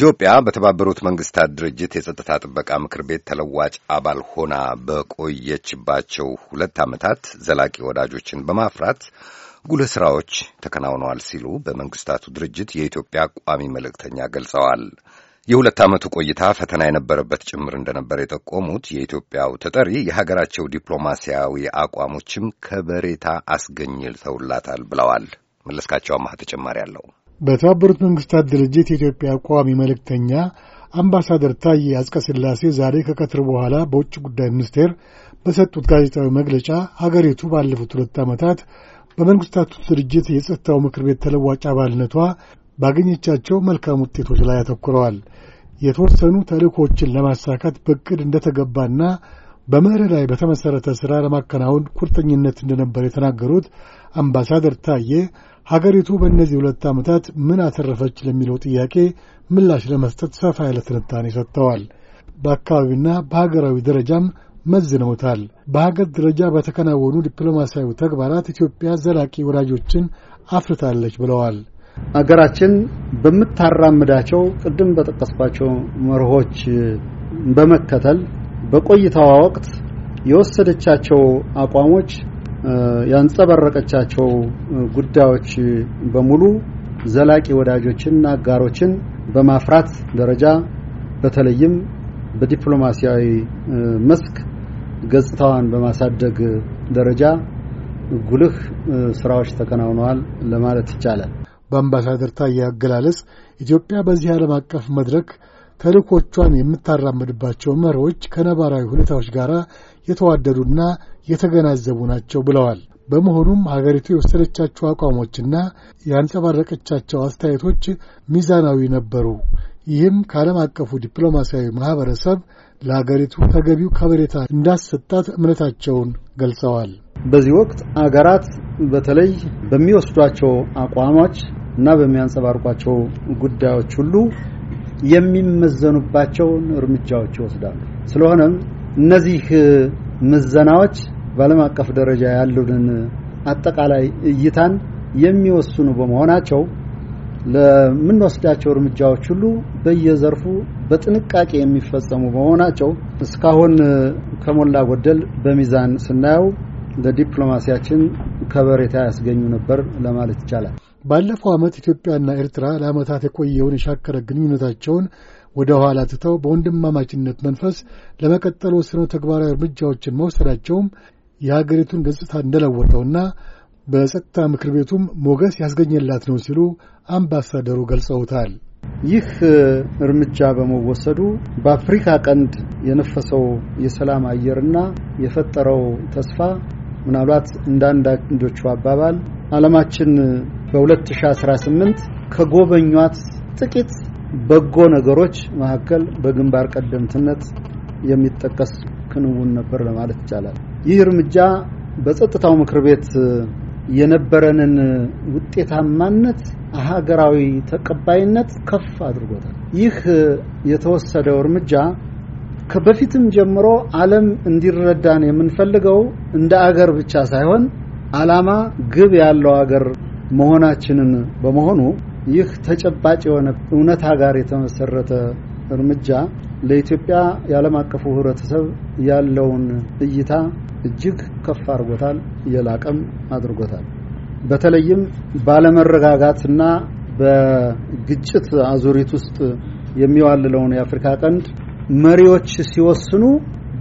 ኢትዮጵያ በተባበሩት መንግስታት ድርጅት የጸጥታ ጥበቃ ምክር ቤት ተለዋጭ አባል ሆና በቆየችባቸው ሁለት ዓመታት ዘላቂ ወዳጆችን በማፍራት ጉልህ ሥራዎች ተከናውነዋል ሲሉ በመንግስታቱ ድርጅት የኢትዮጵያ ቋሚ መልእክተኛ ገልጸዋል። የሁለት ዓመቱ ቆይታ ፈተና የነበረበት ጭምር እንደነበር የጠቆሙት የኢትዮጵያው ተጠሪ የሀገራቸው ዲፕሎማሲያዊ አቋሞችም ከበሬታ አስገኝተውላታል ብለዋል። መለስካቸው አማሃ ተጨማሪ አለው። በተባበሩት መንግስታት ድርጅት የኢትዮጵያ ቋሚ መልእክተኛ አምባሳደር ታዬ አጽቀሥላሴ ዛሬ ከቀትር በኋላ በውጭ ጉዳይ ሚኒስቴር በሰጡት ጋዜጣዊ መግለጫ ሀገሪቱ ባለፉት ሁለት ዓመታት በመንግስታቱ ድርጅት የጸጥታው ምክር ቤት ተለዋጭ አባልነቷ ባገኘቻቸው መልካም ውጤቶች ላይ አተኩረዋል። የተወሰኑ ተልእኮችን ለማሳካት በእቅድ እንደተገባና በመርህ ላይ በተመሠረተ ሥራ ለማከናወን ቁርጠኝነት እንደነበር የተናገሩት አምባሳደር ታዬ ሀገሪቱ በእነዚህ ሁለት ዓመታት ምን አተረፈች ለሚለው ጥያቄ ምላሽ ለመስጠት ሰፋ ያለ ትንታኔ ሰጥተዋል። በአካባቢና በሀገራዊ ደረጃም መዝነውታል። በሀገር ደረጃ በተከናወኑ ዲፕሎማሲያዊ ተግባራት ኢትዮጵያ ዘላቂ ወዳጆችን አፍርታለች ብለዋል። አገራችን በምታራምዳቸው ቅድም በጠቀስኳቸው መርሆች በመከተል በቆይታዋ ወቅት የወሰደቻቸው አቋሞች ያንጸባረቀቻቸው ጉዳዮች በሙሉ ዘላቂ ወዳጆችንና አጋሮችን በማፍራት ደረጃ በተለይም በዲፕሎማሲያዊ መስክ ገጽታዋን በማሳደግ ደረጃ ጉልህ ስራዎች ተከናውነዋል ለማለት ይቻላል። በአምባሳደር ታዬ አገላለጽ ኢትዮጵያ በዚህ ዓለም አቀፍ መድረክ ተልእኮቿን የምታራምድባቸው መርሆች ከነባራዊ ሁኔታዎች ጋር የተዋደዱና የተገናዘቡ ናቸው ብለዋል። በመሆኑም ሀገሪቱ የወሰደቻቸው አቋሞችና ያንጸባረቀቻቸው አስተያየቶች ሚዛናዊ ነበሩ። ይህም ከዓለም አቀፉ ዲፕሎማሲያዊ ማኅበረሰብ ለሀገሪቱ ተገቢው ከበሬታ እንዳሰጣት እምነታቸውን ገልጸዋል። በዚህ ወቅት አገራት በተለይ በሚወስዷቸው አቋሞች እና በሚያንጸባርቋቸው ጉዳዮች ሁሉ የሚመዘኑባቸውን እርምጃዎች ይወስዳሉ። ስለሆነም እነዚህ ምዘናዎች በዓለም አቀፍ ደረጃ ያሉንን አጠቃላይ እይታን የሚወስኑ በመሆናቸው ለምንወስዳቸው እርምጃዎች ሁሉ በየዘርፉ በጥንቃቄ የሚፈጸሙ በመሆናቸው እስካሁን ከሞላ ጎደል በሚዛን ስናየው ለዲፕሎማሲያችን ከበሬታ ያስገኙ ነበር ለማለት ይቻላል። ባለፈው ዓመት ኢትዮጵያና ኤርትራ ለዓመታት የቆየውን የሻከረ ግንኙነታቸውን ወደ ኋላ ትተው በወንድማማችነት መንፈስ ለመቀጠል ወስነው ተግባራዊ እርምጃዎችን መውሰዳቸውም የሀገሪቱን ገጽታ እንደለወጠውና በጸጥታ ምክር ቤቱም ሞገስ ያስገኘላት ነው ሲሉ አምባሳደሩ ገልጸውታል። ይህ እርምጃ በመወሰዱ በአፍሪካ ቀንድ የነፈሰው የሰላም አየርና የፈጠረው ተስፋ ምናልባት እንደ አንዳንዶቹ አባባል ዓለማችን በ2018 ከጎበኟት ጥቂት በጎ ነገሮች መካከል በግንባር ቀደምትነት የሚጠቀስ ክንውን ነበር ለማለት ይቻላል። ይህ እርምጃ በጸጥታው ምክር ቤት የነበረንን ውጤታማነት፣ ሀገራዊ ተቀባይነት ከፍ አድርጎታል። ይህ የተወሰደው እርምጃ ከበፊትም ጀምሮ ዓለም እንዲረዳን የምንፈልገው እንደ አገር ብቻ ሳይሆን ዓላማ፣ ግብ ያለው አገር መሆናችንን በመሆኑ ይህ ተጨባጭ የሆነ እውነታ ጋር የተመሰረተ እርምጃ ለኢትዮጵያ የዓለም አቀፉ ህብረተሰብ ያለውን እይታ እጅግ ከፍ አድርጎታል፣ የላቀም አድርጎታል። በተለይም ባለመረጋጋትና በግጭት አዙሪት ውስጥ የሚዋልለውን የአፍሪካ ቀንድ መሪዎች ሲወስኑ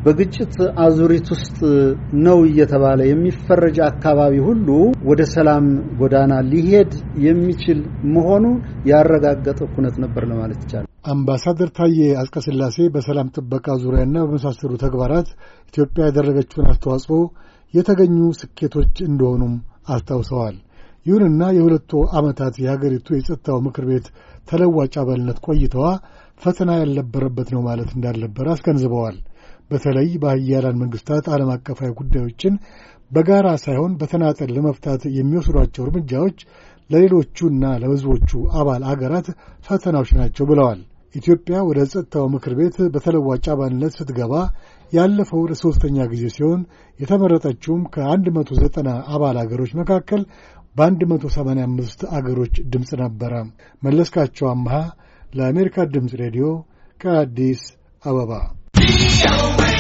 በግጭት አዙሪት ውስጥ ነው እየተባለ የሚፈረጅ አካባቢ ሁሉ ወደ ሰላም ጎዳና ሊሄድ የሚችል መሆኑ ያረጋገጠ ኩነት ነበር ለማለት ይቻላል። አምባሳደር ታዬ አጽቀሥላሴ በሰላም ጥበቃ ዙሪያና በመሳሰሉ ተግባራት ኢትዮጵያ ያደረገችውን አስተዋጽኦ የተገኙ ስኬቶች እንደሆኑም አስታውሰዋል። ይሁንና የሁለቱ ዓመታት የሀገሪቱ የጸጥታው ምክር ቤት ተለዋጭ አባልነት ቆይተዋ ፈተና ያልነበረበት ነው ማለት እንዳልነበረ አስገንዝበዋል። በተለይ በሀያላን መንግስታት ዓለም አቀፋዊ ጉዳዮችን በጋራ ሳይሆን በተናጠል ለመፍታት የሚወስዷቸው እርምጃዎች ለሌሎቹና ለህዝቦቹ አባል አገራት ፈተናዎች ናቸው ብለዋል። ኢትዮጵያ ወደ ጸጥታው ምክር ቤት በተለዋጭ አባልነት ስትገባ ያለፈው ለሦስተኛ ጊዜ ሲሆን የተመረጠችውም ከ190 አባል አገሮች መካከል በ185 አገሮች ድምፅ ነበረ። መለስካቸው አምሃ ለአሜሪካ ድምፅ ሬዲዮ ከአዲስ አበባ Show me.